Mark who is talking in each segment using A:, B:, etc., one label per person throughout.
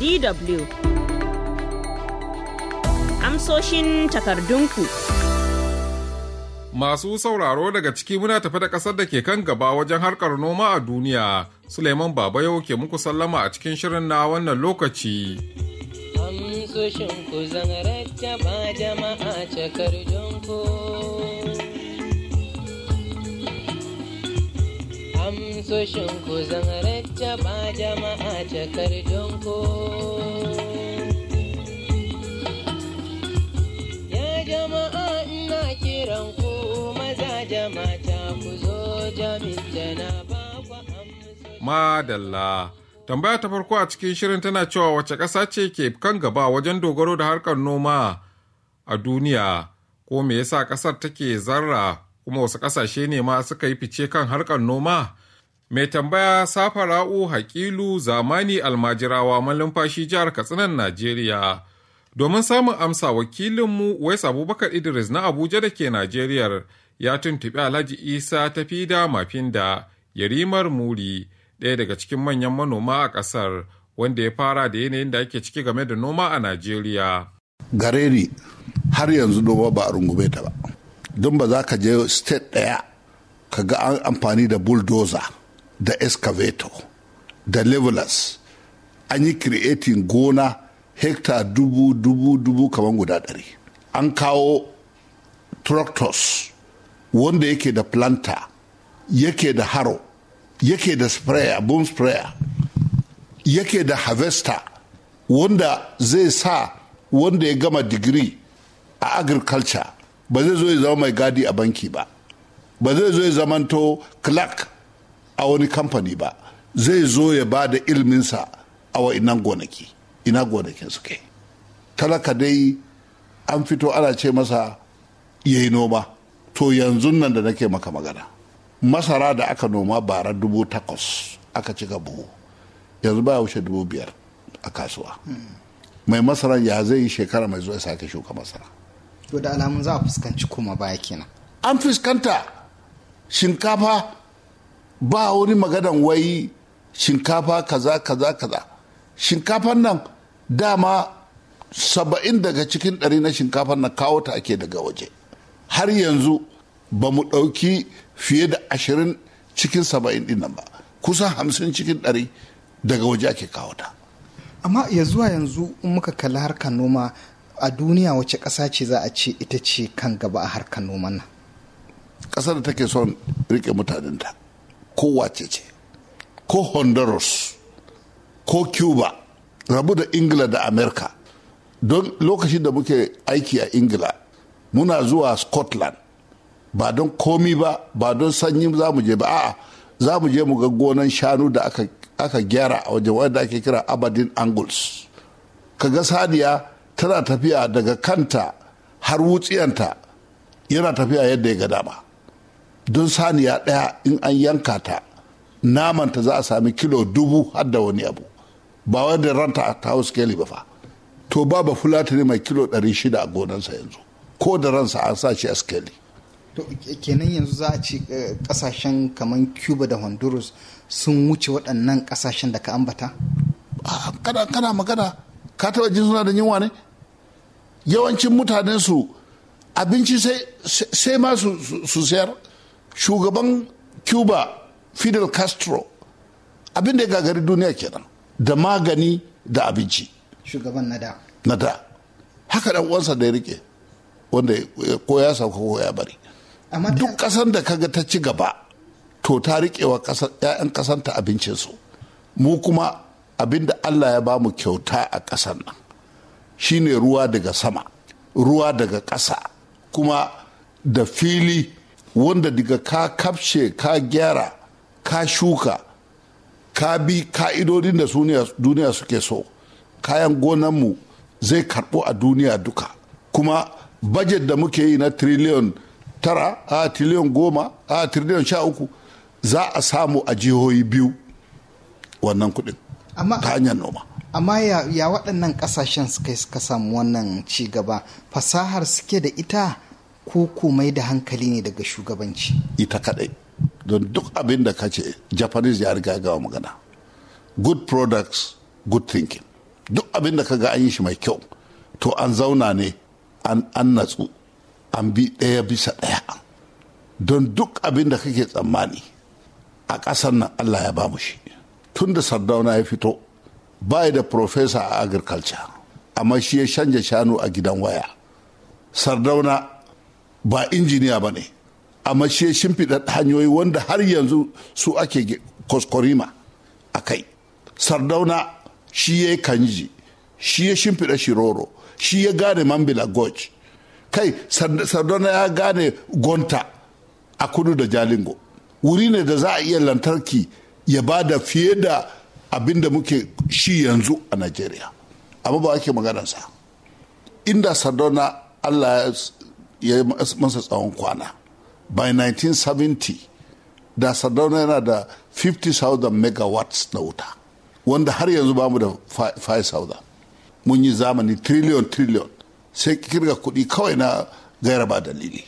A: DW. Amsoshin takardunku.
B: Masu sauraro daga ciki muna tafi da ƙasar da ke kan gaba wajen harkar noma a duniya. Suleiman Babayo ke muku sallama a cikin shirin na wannan lokaci.
C: Amsoshin ku zangarar jama'a takardunku. amsoshin ku zan rattaba jama'a takardun ku ya jama'a ina kiran ku maza jama'a ku zo na ba ku
B: madalla tambaya ta farko a cikin shirin tana cewa wace ƙasa ce ke kan gaba wajen dogaro da harkar noma a duniya ko me yasa ƙasar take zarra kuma wasu ƙasashe ne ma suka yi fice kan harkar noma mai tambaya Safa Ra'u hakilu zamani almajirawa malumfashi jihar katsinan najeriya domin samun amsa wakilinmu wais abubakar idris na abuja da ke najeriya ya tuntuɓi alhaji isa tafida mafinda yarimar muri ɗaya daga cikin manyan manoma a ƙasar wanda ya fara da yanayin da ake ciki game da noma a najeriya
D: gareri har yanzu noma ba a rungume ta ba don ba za ka je state ɗaya ka ga amfani da bulldozer da excavator da levelers an yi creating gona hectare dubu dubu dubu kamar guda ɗari an kawo tractors wanda yake da planter yake da haro yake da sprayer boom sprayer yake da harvester wanda zai sa wanda ya gama digiri a agriculture ba zai zo ya zama mai gadi a banki ba ba zai zo ya zamanto clerk a wani kamfani ba zai zo ya ba da ilminsa a wa'inan gonaki ina gonakin suke talaka dai an fito ana ce masa ya yi noma to yanzu nan da nake maka magana masara da aka noma bara dubu takwas aka cika buhu yanzu ba wuce dubu biyar a kasuwa mai masara ya zai yi shekara mai zuwa sake shuka masara
A: to da alamun za a fuskanci kuma baya kenan
D: an fuskanta shinkafa ba wani maganan wai shinkafa kaza kaza kaza shinkafan nan dama saba'in daga cikin ɗari na shinkafan nan kawo ta ake daga waje har yanzu ba mu ɗauki fiye da ashirin cikin saba'in ɗin ba kusan hamsin cikin ɗari daga waje ake kawo ta
A: amma ya zuwa yanzu in muka kalli harkar noma a duniya wace ƙasa ce za a ce ita ce kan gaba a harkar noman nan
D: ƙasar da take son rike mutanenta ko wace ce ko honduras ko cuba rabu da ingila da america don lokacin da muke aiki a ingila muna zuwa scotland ba don komi ba ba don sanyi za mu je ba a'a za mu je mu ga gonan shanu da aka, aka gyara a wajen wanda ake kira abadin angles kaga saniya tana tafiya daga kanta har wutsiyanta yana tafiya yadda ya ga dama don saniya ɗaya in an yanka ta namanta za a sami kilo dubu har wani abu ba wai da ranta a ta skeli ba fa to ba ba fulatani mai kilo 600 a gonansa yanzu ko da ransa an sa shi a skeli
A: to kenan yanzu za a ci kasashen eh, kamar cuba da honduras sun wuce waɗannan kasashen da ka
D: ambata kana kana magana ka taɓa jin suna da yunwa ne yawancin mutanen su abinci sai ma su sayar shugaban cuba fidel castro abin da ya gagari duniya kenan da magani da abinci
A: shugaban nada
D: nada haka dan uwansa da ya rike wanda ko ya sauka ko ya bari duk kasan da kaga ta ci gaba to ta ƴaƴan ‘ya'yan ta abincinsu mu kuma abin da allah ya bamu kyauta a ƙasan nan shine ruwa daga sama ruwa daga ƙasa kuma da fili wanda daga ka kafshe ka gyara ka shuka ka bi ka'idodin da duniya suke so kayan gonanmu zai karɓo a duniya duka kuma bajet da muke yi na triliyon tara a triliyon goma a triliyon sha uku za a samu a jihohi biyu wannan kuɗin ta hanyar noma
A: amma ya, ya waɗannan ƙasashen suka samu wannan ci gaba fasahar suke da ita ko komai da hankali ne daga shugabanci
D: ita kadai don duk abin da kace japanese ya riga ga magana good products good thinking duk abin da kaga an yi shi mai kyau to an zauna ne an natsu an bi ɗaya bisa ɗaya don duk abin da kake tsammani a ƙasar nan allah ya bamu shi tun da sardauna ya fito ba da professor a agriculture amma shi ya canja shanu a gidan waya sardauna ba injiniya ba ne amma shi shimfiɗa hanyoyi wanda har yanzu su ake koskorima a kai sardauna shi ya yi kanji shi ya shimfiɗa shiroro shi ya gane mambila goj kai sardauna ya gane gonta a kudu da jalingo wuri ne da za a iya lantarki ya ba da fiye da abin da muke shi yanzu a najeriya amma ba ake maganarsa inda sardauna allah ya yi masa tsawon kwana by 1970 da sardauna yana da 50,000 megawatts na wuta wanda har yanzu ba mu da 5,000 mun yi zamani trillion trillion sai kirga kudi kawai na gaira ba dalili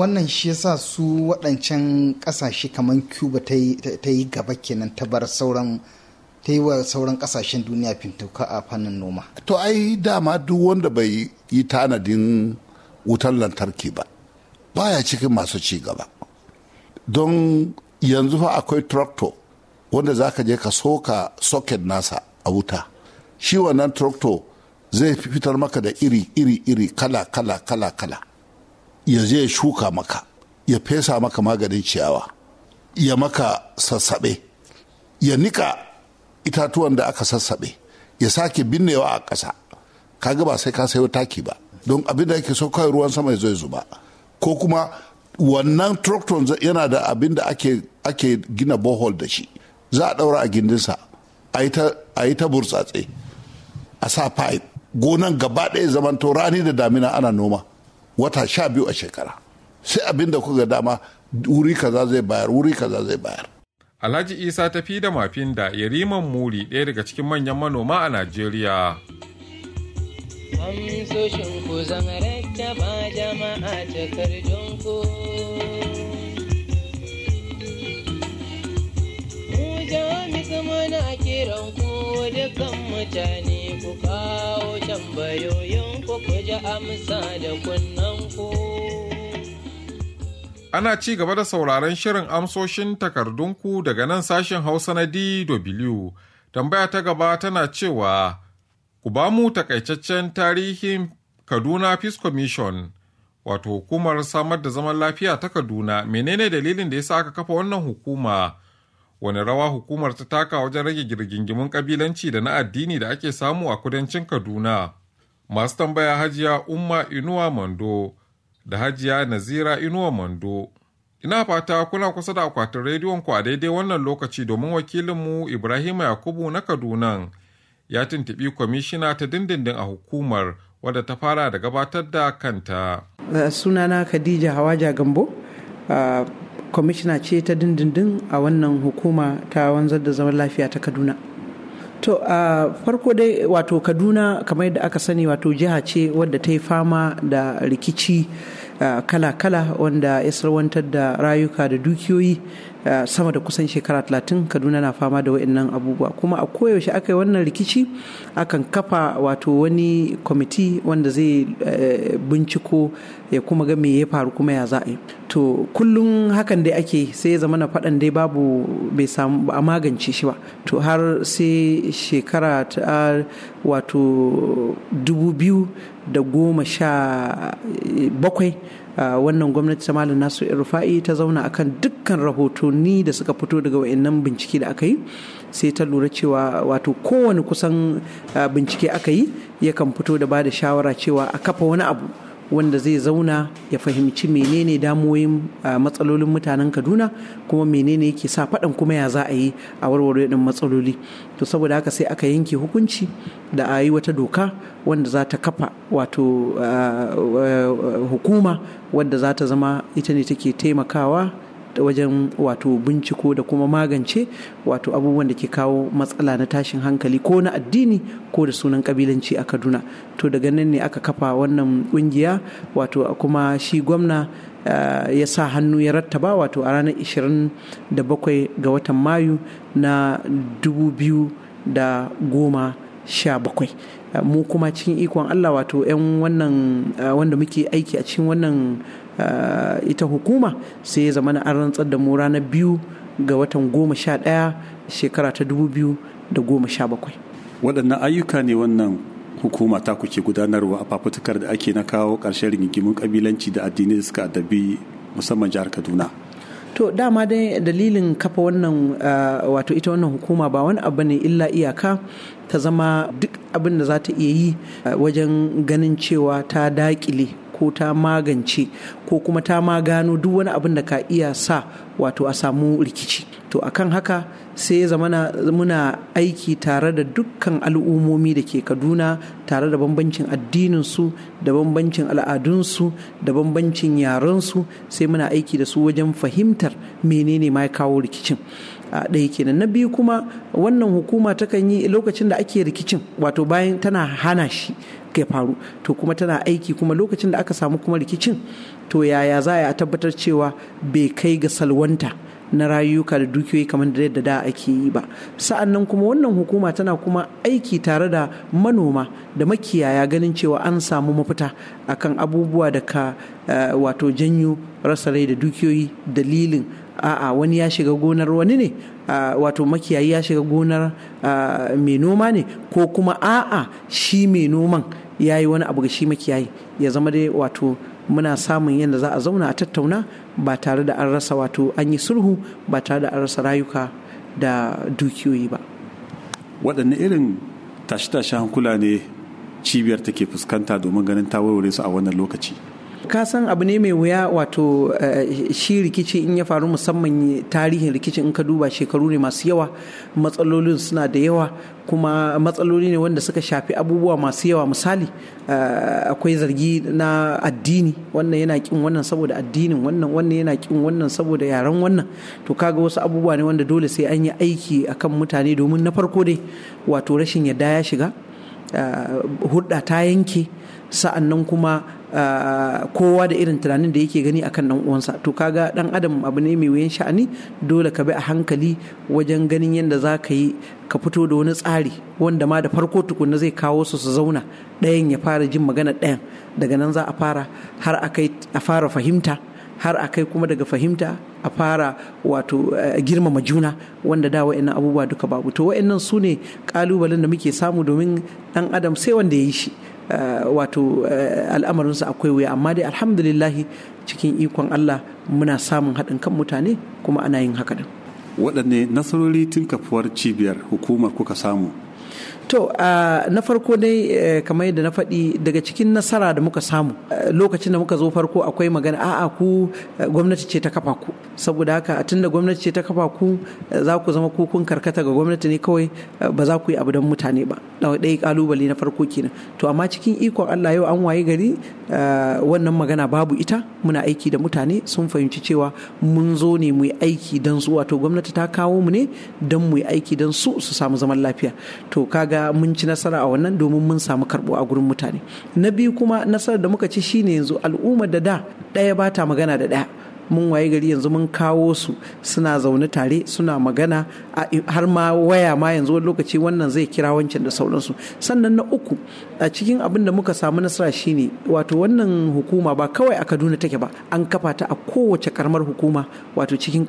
A: wannan shi yasa su waɗancan ƙasashe kamar cuba ta yi gaba kenan ta bar sauran ta yi wa sauran ƙasashen duniya fintuka a fannin noma
D: to ai dama duk wanda bai yi tanadin wutar lantarki ba baya cikin masu ci gaba don yanzu fa akwai tractor wanda za ka je ka soka socket nasa a wuta shi wannan tractor zai fitar maka da iri iri iri kala kala kala kala ya zai shuka maka ya fesa maka maganin ciyawa ya maka sassabe ya nika itatuwan da aka sassabe ya sake binnewa a ƙasa kaga ba sai ka sayo taki ba don abin da ake so kawai ruwan sama zai zuba ko kuma wannan tractor yana da abin da ake, ake gina bohol da shi za a daura a gindinsa a yi ta burtsatse a sa pipe gonan gaba ɗaya zaman to rani da damina ana noma wata sha biyu a shekara sai abin da kuka dama wuri kaza zai bayar wuri kaza zai bayar
B: alhaji isa ta fi da mafin da yariman muri ɗaya daga cikin manyan manoma a najeriya
C: amsoshin ku zan rattaba jama'a takardun ku mu jamis muna kiran ku dukkan mutane ku kawo tambayoyin ku ku ji amsa da kunnan ku
B: Ana ci gaba da sauraron shirin amsoshin takardunku daga nan sashen Hausa na DW. Tambaya ta gaba tana cewa Ku ba mu takaitaccen tarihin Kaduna Peace Commission, wato hukumar samar da zaman lafiya ta Kaduna, menene dalilin da ya sa aka kafa wannan hukuma? Wani rawa hukumar ta taka wajen rage girgingimin kabilanci da na addini da ake samu a kudancin Kaduna? Masu tambaya Hajiya Umma Inuwa Mando da Hajiya Nazira Inuwa Mando. Ina fata kuna kusa da akwatin rediyon ku a daidai wannan lokaci domin wakilinmu Ibrahim Yakubu na Kaduna. ya tuntubi kwamishina ta dindindin a hukumar wadda ta fara da gabatar da kanta.
E: Uh, sunana khadija hawaja gambo uh, kwamishina ce ta dindindin a wannan hukuma ta wanzar da zaman lafiya ta kaduna to a uh, farko dai wato kaduna kamar yadda aka sani wato jiha ce wadda ta yi fama da rikici kala-kala wanda ya sarwantar da rayuka da dukiyoyi Eh, sama da kusan shekara 30 kaduna na fama da wa'annan abubuwa kuma a koyaushe aka yi wannan rikici akan kafa wato wani kwamiti wanda zai eh, binciko ya kuma ga me ya faru kuma ya za'a to kullum hakan dai ake sai ya zama na faɗan dai babu bai samu a magance shi ba to har sai shekara ta wato dubu biyu da goma sha bakwai Ah, wannan gwamnati ta malam nasu rufa'i ta zauna akan dukkan rahotanni da suka fito daga wayannan bincike da aka yi sai ta lura cewa wato kowane kusan ah, bincike aka yi yakan fito da ba da shawara cewa a kafa wani abu wanda zai zauna ya fahimci menene damoyin ah, matsalolin mutanen kaduna kuma menene yake sa faɗan kuma ya za a yi a warware ɗin matsaloli to saboda haka sai aka yanke hukunci da a yi wata doka wanda za ta kafa wato ah, hukuma wadda za ta zama ita ne take taimakawa wajen wato binciko da kuma magance wato abubuwan da ke kawo matsala na tashin hankali ko na addini ko da sunan kabilanci a kaduna to daga nan ne aka kafa wannan kungiya wato kuma shi gwamna eh, ya sa hannu ya rattaba wato a ranar 27 ga watan mayu na 2017 mu kuma cikin ikon Allah wato 'yan wannan wanda muke aiki a cikin wannan ita hukuma sai ya zama na an rantsar da mu ranar biyu ga watan goma sha ɗaya shekara ta dubu biyu da goma sha bakwai.
B: waɗannan ayyuka ne wannan hukuma ta kuke gudanarwa a fafutukar da ake na kawo ƙarshen rigingimin ƙabilanci da addini da suka addabi musamman jihar kaduna
E: to dama dai dalilin kafa wannan ah, wato ita wannan hukuma ba wani abu ne illa iyaka ta zama duk abin da za ta iya yi ah, wajen ganin cewa ta dakile ko ta magance ko kuma ta ma gano duk wani abin da ka iya sa wato a samu rikici to akan haka sai zamana muna aiki tare da dukkan al'ummomi da ke kaduna tare da bambancin addininsu da bambancin al'adunsu da bambancin yarensu sai muna aiki da su wajen fahimtar menene ma ya kawo rikicin a ɗaya kenan na biyu kuma wannan hukuma takan yi lokacin da ake rikicin wato bayan tana hana shi ya faru to kuma tana aiki kuma lokacin da aka samu kuma rikicin to yaya za a tabbatar cewa bai kai ga salwanta na rayuka da dukiyoyi kamar da yadda da ake yi ba sa'annan kuma wannan hukuma tana kuma aiki tare da manoma da makiyaya ganin cewa an samu mafita akan abubuwa da ka eh, wato janyo rasa rai da dukiyoyi dalilin a'a wani ya shiga gonar wani ne wato makiyayi ya shiga gonar mai noma ne ko kuma a'a shi mai noman ya yi wani abu ga shi makiyayi ya zama dai wato muna samun yadda za a zauna a tattauna ba tare da an rasa wato an yi sulhu ba tare da an rasa rayuka da dukiyoyi ba
B: waɗanne irin tashe tashi hankula ne cibiyar take fuskanta domin ganin ta warware su a wannan lokaci
E: ka san abu ne mai wuya wato eh, shi rikici in ya faru musamman tarihin rikici in ka duba shekaru ne masu yawa matsalolin suna da yawa kuma matsaloli ne wanda suka shafi abubuwa masu yawa misali eh, akwai zargi na addini wannan yana kin wannan saboda addinin wannan wannan yana kin wannan saboda yaren wannan to kaga wasu abubuwa ne wanda dole sai an yi aiki akan mutane domin na farko dai wato rashin yadda ya shiga eh, hudda ta yanke sa'annan kuma kowa da irin tunanin da yake gani akan dan uwansa to kaga dan adam abu ne mai wuyan sha'ani dole ka bi a hankali wajen ganin yadda za ka yi ka fito da wani tsari wanda ma da farko tukunna zai kawo su su zauna ɗayan ya fara jin magana ɗayan daga nan za a fara har a fara fahimta har a kai kuma daga fahimta a fara wato eh, girmama juna wanda da wa'annan abubuwa duka babu to wa'annan su ne kalubalen da muke samu domin dan adam sai wanda ya yi shi Eh, wato eh, al'amarinsu akwai wuya amma dai alhamdulillahi cikin ikon Allah muna samun haɗin kan mutane kuma ana yin haka din
B: waɗanne nasarori tun kafuwar cibiyar hukumar
D: kuka samu
E: To na farko dai eh, kamar yadda na faɗi daga cikin nasara da muka samu eh, lokacin da muka zo farko akwai magana a'a ku eh, gwamnati ce ta kafa ku saboda haka tunda gwamnati ce ta kafa ku za ku zama ku kun karkata ga gwamnati ne kawai ba za ku yi abu don mutane ba ɗaya kalubale na farko kenan to amma cikin ikon Allah yau an waye gari wannan magana babu ita muna aiki da mutane sun fahimci cewa mun zo ne mu yi aiki don su wato gwamnati ta kawo mu ne don mu yi aiki don su su samu zaman lafiya to kaga ga mun ci nasara a wannan domin mun samu karɓo a gurin mutane na biyu kuma nasarar da muka ci shine yanzu al'ummar da da ɗaya ba ta magana da ɗaya mun waye gari yanzu mun kawo su suna zaune tare suna magana har ma waya ma yanzu wani lokaci wannan zai kira wancan da sauransu sannan na uku a cikin abin da muka samu nasara shine wato wannan hukuma ba kawai a kaduna take ba an kafa ta a kowace karamar hukuma wato cikin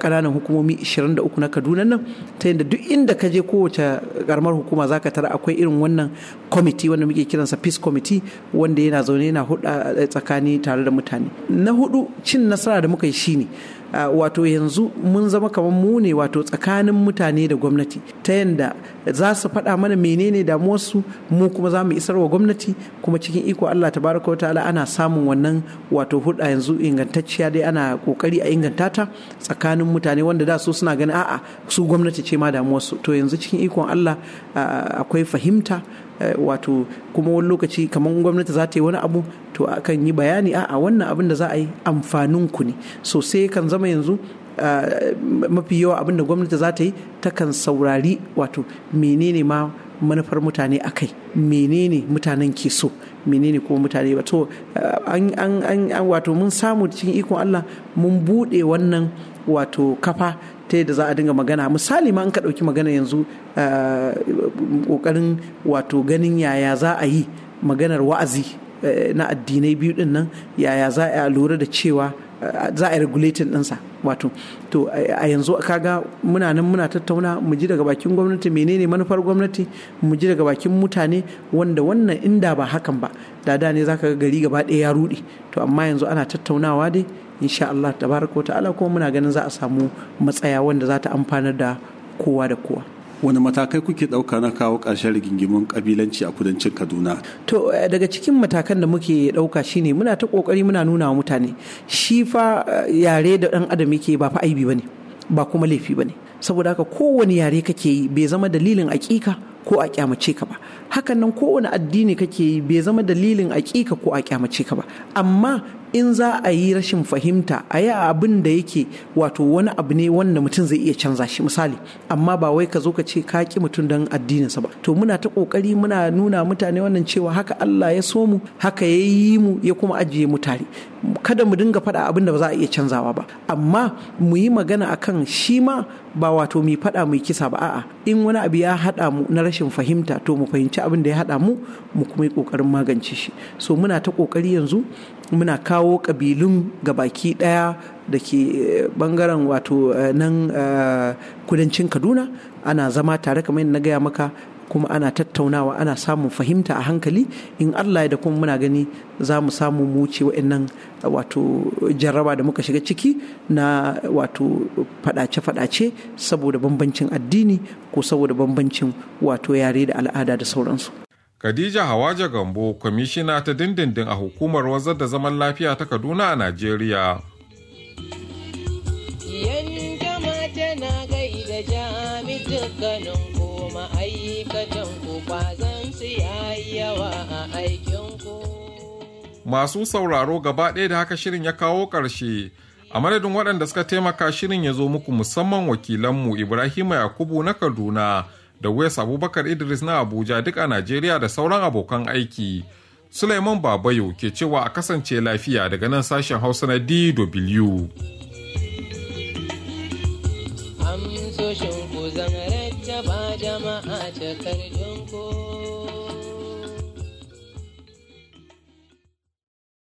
E: kananan hukumomi 23 na kaduna nan ta yadda duk inda ka je kowace karamar hukuma zaka tara akwai irin wannan kwamiti wanda muke kiransa peace committee wanda yana zaune yana hudu eh, tsakani tare da mutane na hudu cin nasara asara da muka yi Ah, wato yanzu mun zama kamar mu ne wato tsakanin mutane da gwamnati ta yadda za su faɗa mana menene damuwarsu mu kuma za mu isarwa gwamnati kuma cikin iko Allah Ta tabaraka ta'ala ana samun wannan wato hulɗa yanzu ingantacciya dai ana kokari a inganta ta tsakanin mutane wanda da su suna ganin a'a su gwamnati ce ma damuwarsu to yanzu cikin ikon Allah ah, akwai fahimta eh, wato kuma wani lokaci kamar gwamnati za ta yi wani abu to akan yi bayani a'a wannan abin da za a yi amfanin ku ne so sai kan zama zama yanzu mafi yawa abin da gwamnati za ta yi takan saurari wato menene ma manufar mutane a kai menene mutanen ke so menene kuma mutane ba to an wato mun samu cikin ikon Allah mun buɗe wannan wato kafa ta yadda za a dinga magana misali ma an ka ɗauki magana yanzu ƙoƙarin wato ganin yaya za a yi maganar wa'azi eh, na addinai biyu ɗin nan yaya za a lura da cewa za a regulating ɗinsa wato to a yanzu kaga muna nan muna tattauna mu ji daga bakin gwamnati menene manufar gwamnati mu ji daga bakin mutane wanda wannan inda ba hakan ba da da ne zaka ga gari gaba ɗaya ya ruɗe to amma yanzu ana tattaunawa dai insha Allah tabaraka ta'ala kuma muna ganin za a samu matsaya wanda za ta amfanar da kowa da kowa
B: wani matakai kuke ɗauka na kawo ƙarshen rigingimun kabilanci a kudancin kaduna
E: to eh, daga cikin matakan da muke ɗauka shine muna ta kokari muna nuna wa mutane shi fa eh, yare da ɗan adam yake ba fa aibi bane ba kuma laifi bane saboda haka kowane yare kake yi bai zama dalilin akika ko a kyamace ka ba hakan nan kowane addini kake yi bai zama dalilin aƙika ko a kyamace ka ba amma in za a yi rashin fahimta a yi abin da yake wato wani abu ne wanda mutum zai iya canza shi misali amma ba wai ka zo ka ce ka ki mutum don addininsa ba to muna ta kokari muna nuna mutane wannan cewa haka Allah ya so mu haka ya yi mu ya kuma ajiye mu tare kada mu dinga faɗa abin da ba za a iya canzawa ba amma mu yi magana akan shi ma ba wato mu faɗa mu kisa ba a'a in wani abu ya haɗa mu na rashin fahimta to mu fahimci abin da ya haɗa mu mu kuma yi ƙoƙarin magance shi so muna ta ƙoƙari yanzu muna kawo ƙabilun baki ɗaya da ke bangaren eh, wato eh, nan eh, kudancin kaduna ana zama tare kamar na gaya maka kuma ana tattaunawa ana samun fahimta a hankali in allah ya da kuma muna gani za mu samu mu wuce wa'annan wato jarraba da muka shiga ciki na wato fadace-fadace saboda bambancin addini ko saboda bambancin wato yare da al'ada da sauransu
B: Khadija Hawaja Gambo kwamishina ta dindindin a hukumar wazar da zaman lafiya ta Kaduna a Najeriya.
C: mata gaida ma'aikatan ku su yawa a aikinku.
B: Masu sauraro gaba ɗaya da haka shirin ya kawo ƙarshe. A madadin waɗanda suka taimaka shirin ya zo muku musamman wakilanmu Ibrahim Yakubu na Kaduna. da Wes Abubakar Idris na Abuja duk a Najeriya da sauran abokan aiki. Suleiman Babayo ke cewa a kasance lafiya daga nan sashen Hausa na DW.
C: ku zan jama'a